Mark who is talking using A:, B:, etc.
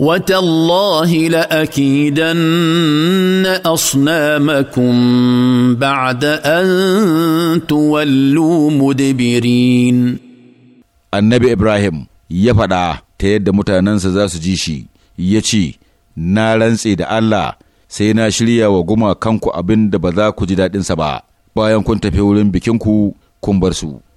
A: وتالله لاكيدن اصنامكم
B: بعد ان تولوا مدبرين annabi ibrahim ya faɗa ta yadda mutanensa za su ji shi ya ce na rantse da allah sai na shirya wa gumakanku abin da ba za ku ji daɗinsa ba bayan kun tafi wurin bikinku kun bar su